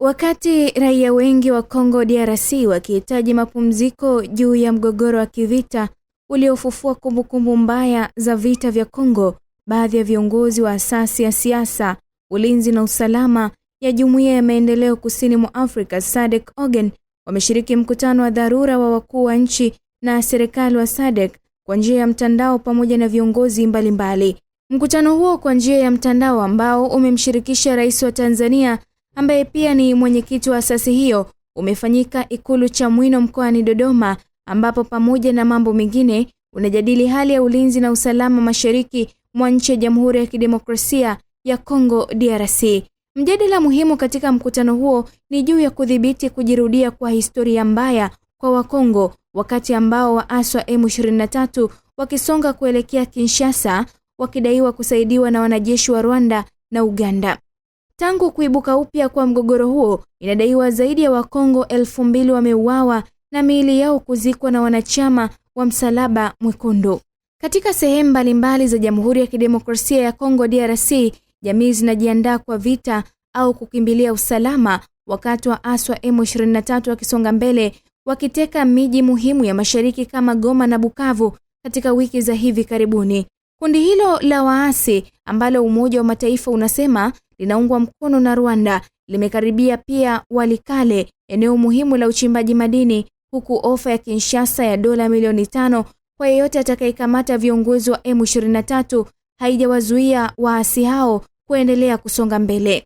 Wakati raia wengi wa Kongo DRC wakihitaji mapumziko juu ya mgogoro wa kivita uliofufua kumbukumbu mbaya za vita vya Kongo, baadhi ya viongozi wa asasi ya siasa, ulinzi na usalama ya Jumuiya ya Maendeleo Kusini mwa Afrika SADC ogen wameshiriki mkutano wa dharura wa wakuu wa nchi na serikali wa SADC kwa njia ya mtandao pamoja na viongozi mbalimbali mbali. Mkutano huo kwa njia ya mtandao ambao umemshirikisha Rais wa Tanzania ambaye pia ni mwenyekiti wa asasi hiyo umefanyika Ikulu Chamwino mkoani Dodoma, ambapo pamoja na mambo mengine unajadili hali ya ulinzi na usalama mashariki mwa nchi ya Jamhuri ya Kidemokrasia ya Kongo DRC. Mjadala muhimu katika mkutano huo ni juu ya kudhibiti kujirudia kwa historia mbaya kwa Wakongo wakati ambao waasi wa M23 wakisonga kuelekea Kinshasa wakidaiwa kusaidiwa na wanajeshi wa Rwanda na Uganda. Tangu kuibuka upya kwa mgogoro huo, inadaiwa zaidi ya Wakongo elfu mbili wameuawa na miili yao kuzikwa na wanachama wa Msalaba Mwekundu. Katika sehemu mbalimbali za Jamhuri ya Kidemokrasia ya Kongo DRC, jamii zinajiandaa kwa vita au kukimbilia usalama, wakati wa aswa M23 wakisonga mbele wakiteka miji muhimu ya mashariki kama Goma na Bukavu katika wiki za hivi karibuni. Kundi hilo la waasi ambalo Umoja wa Mataifa unasema linaungwa mkono na Rwanda limekaribia pia Walikale, eneo muhimu la uchimbaji madini, huku ofa ya Kinshasa ya dola milioni tano kwa yeyote atakayekamata viongozi wa M23 haijawazuia waasi hao kuendelea kusonga mbele.